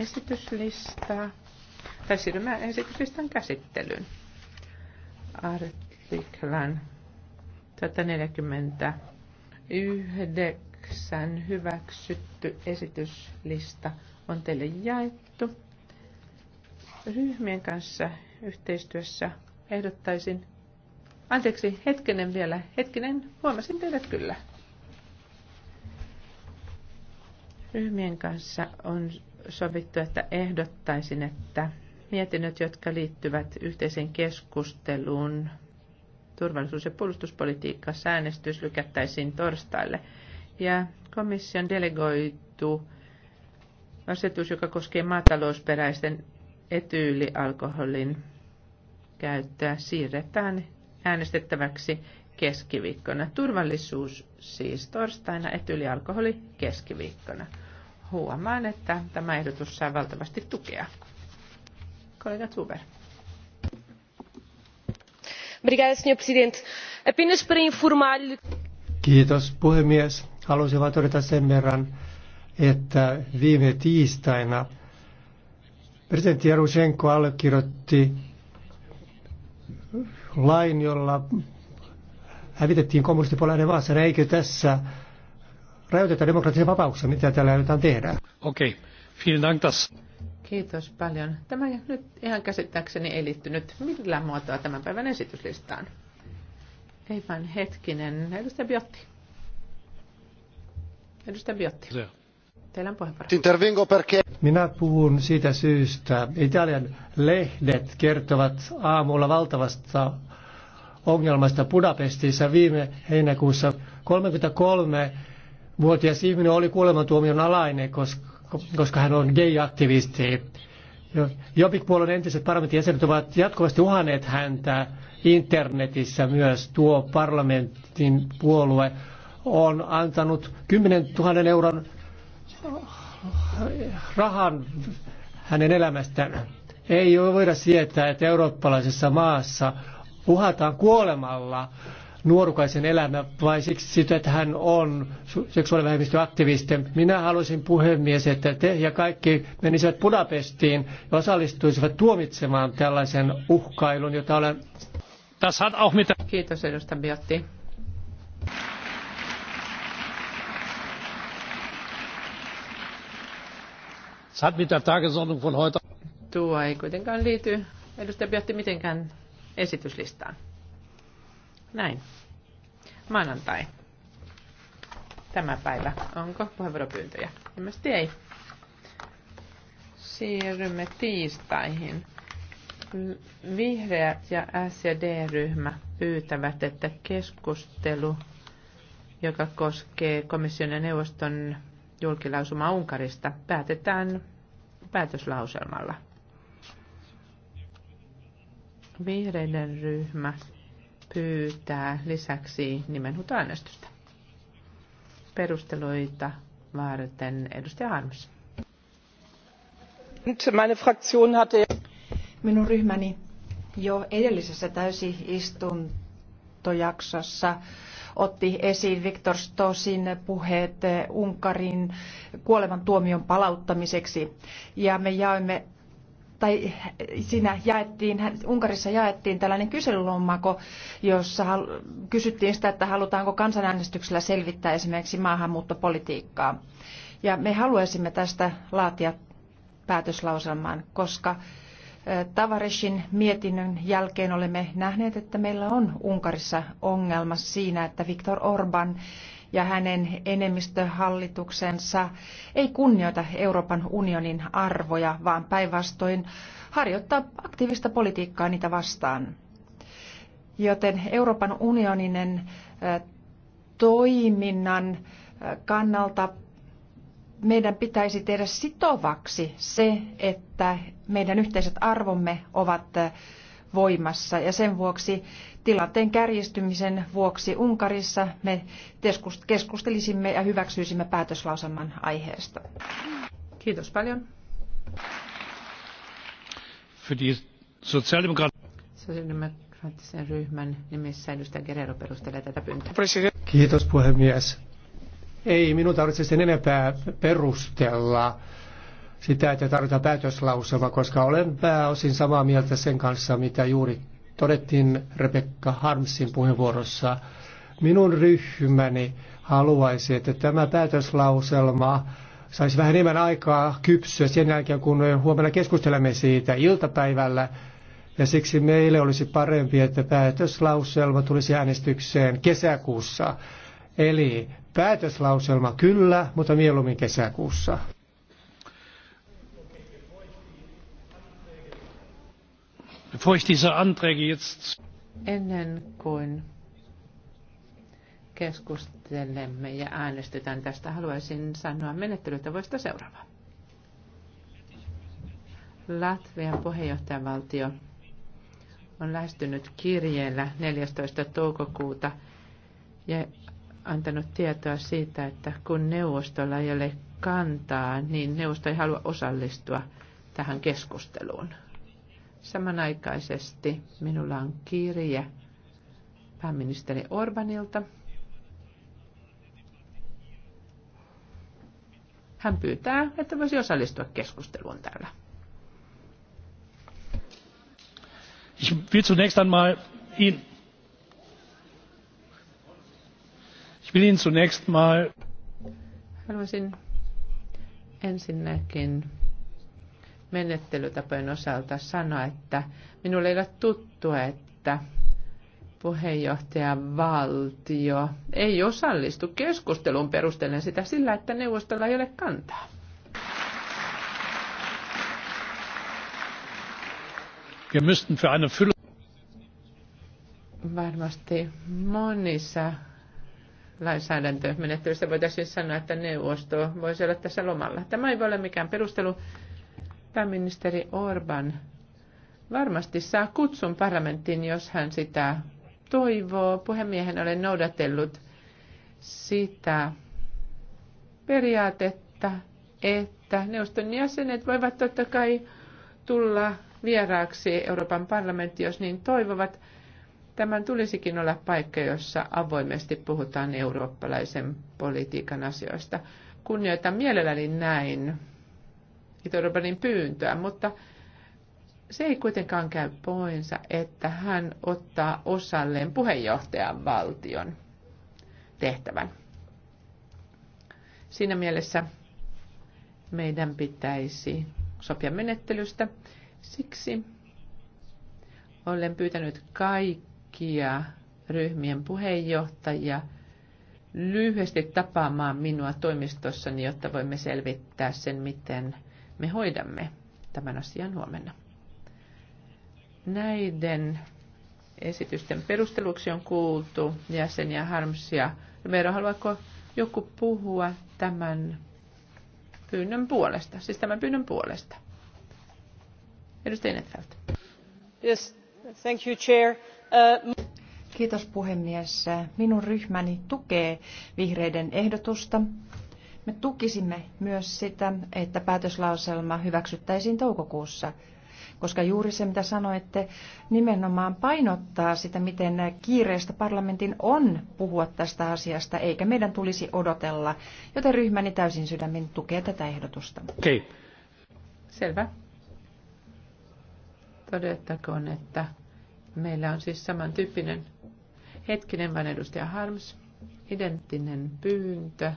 esityslistaa. Tai siirrymme esityslistan käsittelyyn. Artiklan 149 hyväksytty esityslista on teille jaettu. Ryhmien kanssa yhteistyössä ehdottaisin, anteeksi hetkinen vielä, hetkinen, huomasin teidät kyllä. Ryhmien kanssa on sovittu, että ehdottaisin, että mietinnöt, jotka liittyvät yhteiseen keskusteluun turvallisuus- ja puolustuspolitiikka äänestys lykättäisiin torstaille. Ja komission delegoitu asetus, joka koskee maatalousperäisten etyylialkoholin käyttöä, siirretään äänestettäväksi keskiviikkona. Turvallisuus siis torstaina, etyylialkoholi keskiviikkona. Huomaan, että tämä ehdotus saa valtavasti tukea. Kollega Zuber. Kiitos puhemies. Haluaisin vain todeta sen verran, että viime tiistaina presidentti Jarushenko allekirjoitti lain, jolla hävitettiin kommunistipuolainen maassa. Eikö tässä rajoiteta demokraattisia vapauksia, mitä täällä aiotaan tehdä. Okei, okay. vielen dank das. Kiitos paljon. Tämä nyt ihan käsittääkseni ei liittynyt millään muotoa tämän päivän esityslistaan. Ei vain hetkinen. Edustaja Biotti. Edustaja Biotti. Yeah. Teillä on puheenvuoro. Minä puhun siitä syystä. Italian lehdet kertovat aamulla valtavasta ongelmasta Budapestissa viime heinäkuussa 33 vuotias ihminen oli kuolemantuomion alainen, koska, koska hän on gay-aktivisti. Jobbik-puolueen entiset parlamentin jäsenet ovat jatkuvasti uhanneet häntä internetissä myös. Tuo parlamentin puolue on antanut 10 000 euron rahan hänen elämästään. Ei voida sietää, että eurooppalaisessa maassa uhataan kuolemalla nuorukaisen elämä vai siksi sitä, että hän on seksuaalivähemmistöaktivisti. Minä haluaisin puhemies, että te ja kaikki menisivät Budapestiin ja osallistuisivat tuomitsemaan tällaisen uhkailun, jota olen... auch mit... Kiitos edustaja Biotti. hat mit der Tagesordnung von heute... Tuo ei kuitenkaan liity edustaja Biotti mitenkään esityslistaan. Näin. Maanantai. Tämä päivä. Onko puheenvuoropyyntöjä? Ilmeisesti ei. Siirrymme tiistaihin. Vihreät ja SD-ryhmä pyytävät, että keskustelu, joka koskee komission ja neuvoston julkilausumaa Unkarista, päätetään päätöslauselmalla. Vihreiden ryhmä pyytää lisäksi nimenhuutoäänestystä. Perusteluita varten edustaja Harms. Minun ryhmäni jo edellisessä täysistuntojaksossa otti esiin Viktor Stosin puheet Unkarin tuomion palauttamiseksi ja me jaoimme tai siinä jaettiin, Unkarissa jaettiin tällainen kyselylommako, jossa kysyttiin sitä, että halutaanko kansanäänestyksellä selvittää esimerkiksi maahanmuuttopolitiikkaa. Ja me haluaisimme tästä laatia päätöslauselman, koska Tavaresin mietinnön jälkeen olemme nähneet, että meillä on Unkarissa ongelma siinä, että Viktor Orban ja hänen enemmistöhallituksensa ei kunnioita Euroopan unionin arvoja, vaan päinvastoin harjoittaa aktiivista politiikkaa niitä vastaan. Joten Euroopan unioninen toiminnan kannalta meidän pitäisi tehdä sitovaksi se, että meidän yhteiset arvomme ovat voimassa ja sen vuoksi tilanteen kärjistymisen vuoksi Unkarissa me keskustelisimme ja hyväksyisimme päätöslauselman aiheesta. Kiitos paljon. Für die ryhmän nimissä edustaja Guerrero perustelee tätä pyyntöä. Kiitos puhemies. Ei minun tarvitse sen enempää perustella sitä, että tarvitaan päätöslausuma, koska olen pääosin samaa mieltä sen kanssa, mitä juuri todettiin Rebekka Harmsin puheenvuorossa, minun ryhmäni haluaisi, että tämä päätöslauselma saisi vähän enemmän aikaa kypsyä sen jälkeen, kun huomenna keskustelemme siitä iltapäivällä. Ja siksi meille olisi parempi, että päätöslauselma tulisi äänestykseen kesäkuussa. Eli päätöslauselma kyllä, mutta mieluummin kesäkuussa. Bevor ich diese Anträge jetzt... Ennen kuin keskustelemme ja äänestetään tästä, haluaisin sanoa menettelytavoista seuraavaa. Latvian puheenjohtajavaltio on lähestynyt kirjeellä 14. toukokuuta ja antanut tietoa siitä, että kun neuvostolla ei ole kantaa, niin neuvosto ei halua osallistua tähän keskusteluun. Samanaikaisesti minulla on kirje pääministeri Orbanilta. Hän pyytää, että voisi osallistua keskusteluun täällä. Ich will zunächst einmal Ihnen Ich will Ihnen zunächst mal Haluaisin ensinnäkin menettelytapojen osalta sanoa, että minulle ei ole tuttua, että puheenjohtajan valtio ei osallistu keskusteluun perustellen sitä sillä, että neuvostolla ei ole kantaa. Varmasti monissa lainsäädäntömenettelyissä voitaisiin sanoa, että neuvosto voisi olla tässä lomalla. Tämä ei voi olla mikään perustelu Pääministeri Orban varmasti saa kutsun parlamenttiin, jos hän sitä toivoo. Puhemiehen olen noudatellut sitä periaatetta, että neuvoston jäsenet voivat totta kai tulla vieraaksi Euroopan parlamentti, jos niin toivovat. Tämän tulisikin olla paikka, jossa avoimesti puhutaan eurooppalaisen politiikan asioista. Kunnioitan mielelläni näin Robanin pyyntöä, mutta se ei kuitenkaan käy poinsa, että hän ottaa osalleen puheenjohtajan valtion tehtävän. Siinä mielessä meidän pitäisi sopia menettelystä. Siksi olen pyytänyt kaikkia ryhmien puheenjohtajia lyhyesti tapaamaan minua toimistossani, jotta voimme selvittää sen, miten me hoidamme tämän asian huomenna. Näiden esitysten perusteluksi on kuultu jäseniä Harmsia. Meidän haluaako joku puhua tämän pyynnön puolesta, siis tämän pyynnön puolesta? Edustaja Netfeldt. Yes, thank you, chair. Uh... Kiitos puhemies. Minun ryhmäni tukee vihreiden ehdotusta me tukisimme myös sitä, että päätöslauselma hyväksyttäisiin toukokuussa, koska juuri se, mitä sanoitte, nimenomaan painottaa sitä, miten kiireistä parlamentin on puhua tästä asiasta, eikä meidän tulisi odotella, joten ryhmäni täysin sydämin tukee tätä ehdotusta. Okei. Okay. Selvä. Todettakoon, että meillä on siis samantyyppinen hetkinen vain edustaja Harms, identtinen pyyntö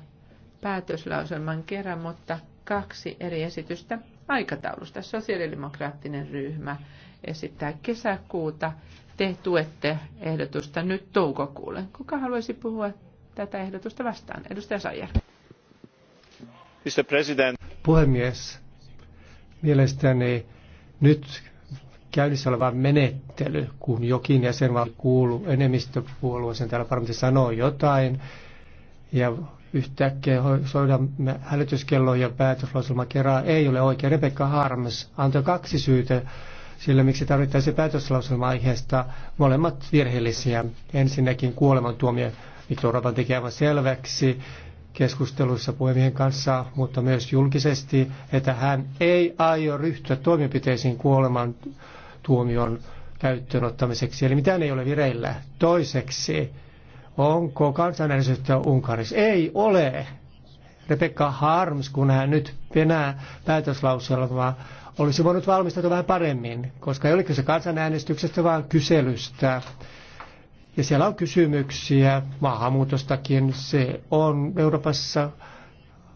päätöslauselman kerran, mutta kaksi eri esitystä aikataulusta. Sosiaalidemokraattinen ryhmä esittää kesäkuuta. Te tuette ehdotusta nyt toukokuulle. Kuka haluaisi puhua tätä ehdotusta vastaan? Edustaja Sajer. Puhemies, mielestäni nyt käynnissä oleva menettely, kun jokin jäsenvaltio kuuluu enemmistöpuolueeseen, täällä varmasti sanoo jotain, ja yhtäkkiä hälytyskello hälytyskelloja päätöslauselma kerran ei ole oikein. Rebekka Harms antoi kaksi syytä sillä, miksi tarvittaisiin päätöslauselma aiheesta. Molemmat virheellisiä. Ensinnäkin kuolemantuomio Viktor Orban teki aivan selväksi keskustelussa puhemiehen kanssa, mutta myös julkisesti, että hän ei aio ryhtyä toimenpiteisiin kuoleman tuomion käyttöön ottamiseksi. Eli mitään ei ole vireillä. Toiseksi Onko kansanäänestystä Unkarissa? Ei ole. Rebecca Harms, kun hän nyt penää päätöslauselma, olisi voinut valmistautua vähän paremmin, koska ei ole kyse kansanäänestyksestä, vaan kyselystä. Ja siellä on kysymyksiä maahanmuutostakin. Se on Euroopassa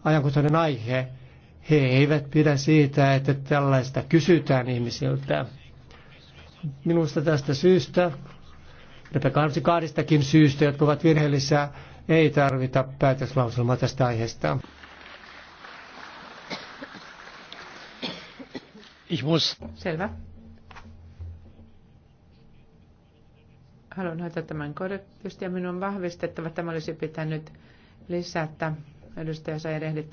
ajankohtainen aihe. He eivät pidä siitä, että tällaista kysytään ihmisiltä. Minusta tästä syystä kahdestakin syystä, jotka ovat virheellisiä, ei tarvita päätöslauselmaa tästä aiheesta. Ich muss. Selvä. Haluan hoitaa tämän korrektisti ja minun on vahvistettava, tämä olisi pitänyt lisätä. Edustaja, sä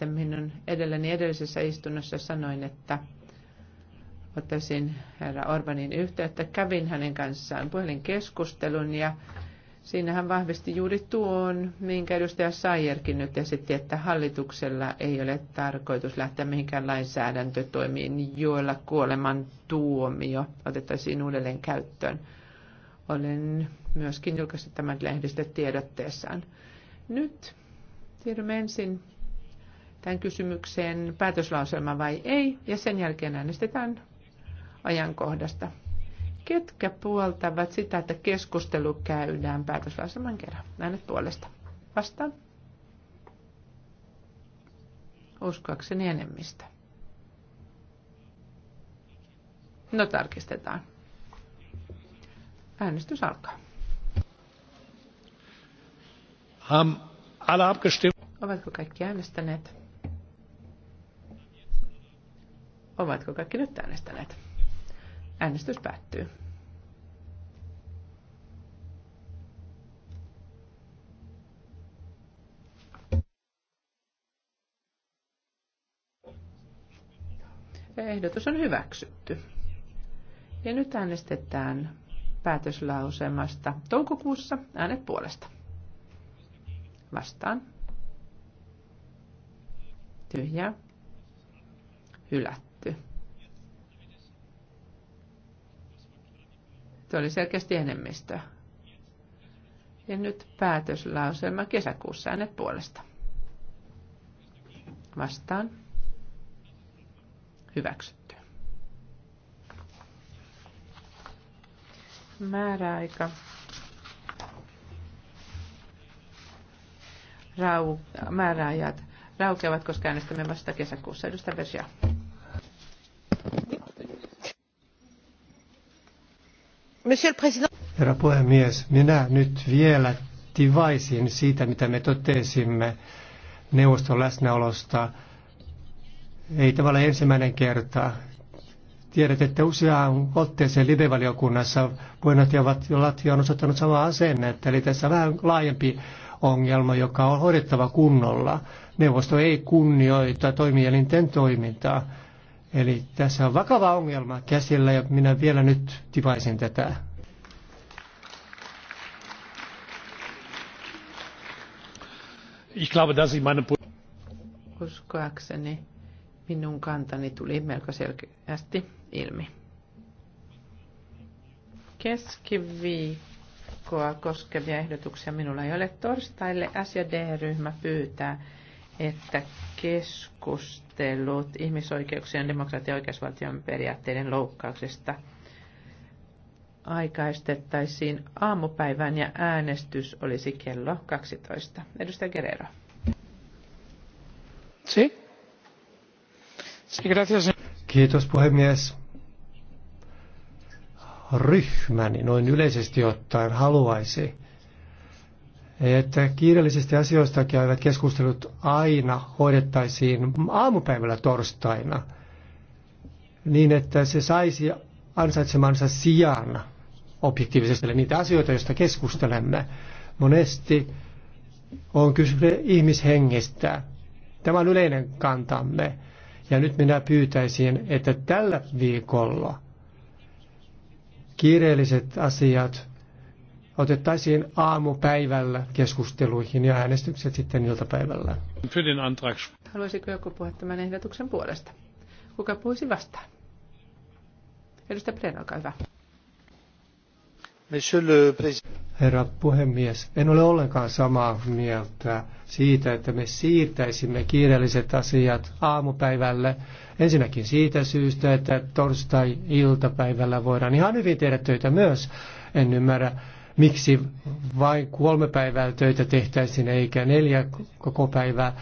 minun edelleni edellisessä istunnossa sanoin, että ottaisin herra Orbanin yhteyttä. Kävin hänen kanssaan puhelinkeskustelun ja siinä hän vahvisti juuri tuon, minkä edustaja Sayerkin nyt esitti, että hallituksella ei ole tarkoitus lähteä mihinkään lainsäädäntötoimiin, joilla kuoleman tuomio otettaisiin uudelleen käyttöön. Olen myöskin julkaissut tämän lehdistötiedotteessaan. Nyt siirrymme ensin tämän kysymykseen päätöslauselma vai ei, ja sen jälkeen äänestetään ajankohdasta. Ketkä puoltavat sitä, että keskustelu käydään päätöslauselman kerran? Äänet puolesta. Vastaan. Uskoakseni enemmistö. No tarkistetaan. Äänestys alkaa. Um, alle abgestimmt? Ovatko kaikki äänestäneet? Ovatko kaikki nyt äänestäneet? Äänestys päättyy. Ehdotus on hyväksytty. Ja nyt äänestetään päätöslausemasta toukokuussa äänet puolesta. Vastaan. Tyhjä. Hylätty. Se oli selkeästi enemmistö. Ja nyt päätöslauselma kesäkuussa äänet puolesta. Vastaan. Hyväksytty. Määräaika. Rau, määräajat raukeavat, koska äänestämme vasta kesäkuussa. Edustaja Versia. Herra puhemies, minä nyt vielä tivaisin siitä, mitä me totesimme neuvoston läsnäolosta. Ei tavallaan ensimmäinen kerta. Tiedät, että useaan otteeseen live-valiokunnassa puheenjohtaja Latvia on osoittanut samaa asennetta, eli tässä vähän laajempi ongelma, joka on hoidettava kunnolla. Neuvosto ei kunnioita toimielinten toimintaa. Eli tässä on vakava ongelma käsillä ja minä vielä nyt tivaisin tätä. Ich glaube, dass ich meine Uskoakseni minun kantani tuli melko selkeästi ilmi. Keskiviikkoa koskevia ehdotuksia minulla ei ole torstaille. SD-ryhmä pyytää että keskustelut ihmisoikeuksien, demokratian ja oikeusvaltion periaatteiden loukkauksesta aikaistettaisiin aamupäivän ja äänestys olisi kello 12. Edustaja Guerrero. Sí. Sí, gracias. Kiitos puhemies. Ryhmäni noin yleisesti ottaen haluaisi, että kiireellisistä asioista käyvät keskustelut aina hoidettaisiin aamupäivällä torstaina, niin että se saisi ansaitsemansa sijaan objektiivisesti niitä asioita, joista keskustelemme. Monesti on kyse ihmishengestä. Tämä on yleinen kantamme. Ja nyt minä pyytäisin, että tällä viikolla kiireelliset asiat otettaisiin aamupäivällä keskusteluihin ja äänestykset sitten iltapäivällä. Haluaisiko joku puhua tämän ehdotuksen puolesta? Kuka puhuisi vastaan? Edustaja Pren, olkaa hyvä. Herra puhemies, en ole ollenkaan samaa mieltä siitä, että me siirtäisimme kiireelliset asiat aamupäivälle. Ensinnäkin siitä syystä, että torstai-iltapäivällä voidaan ihan hyvin tehdä töitä myös. En ymmärrä, miksi vain kolme päivää töitä tehtäisiin eikä neljä koko päivää.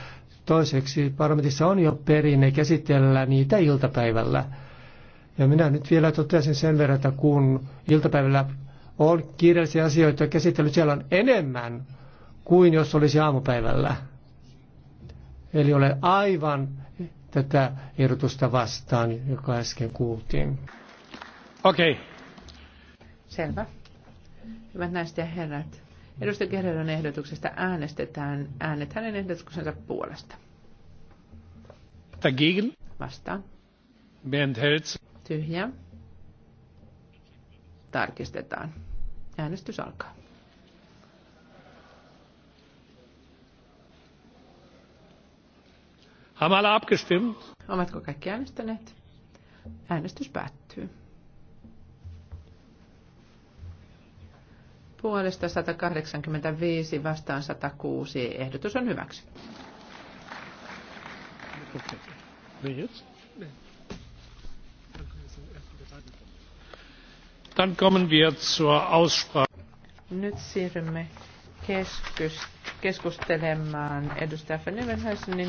Toiseksi parlamentissa on jo perinne käsitellä niitä iltapäivällä. Ja minä nyt vielä totesin sen verran, että kun iltapäivällä on kiireellisiä asioita käsittely, siellä on enemmän kuin jos olisi aamupäivällä. Eli olen aivan tätä ehdotusta vastaan, joka äsken kuultiin. Okei. Okay. Selvä. Hyvät naiset ja herrat, edustaja Kerrelan ehdotuksesta äänestetään äänet hänen ehdotuksensa puolesta. Dagegen. Vastaan. Enthält. Tyhjä. Tarkistetaan. Äänestys alkaa. Haben alle abgestimmt? Ovatko kaikki äänestäneet? Äänestys päättyy. puolesta 185 vastaan 106. Ehdotus on hyväksytty. Dann kommen wir zur Aussprache. Nyt siirrymme keskus, keskustelemaan edustaja Fenevenhäisenin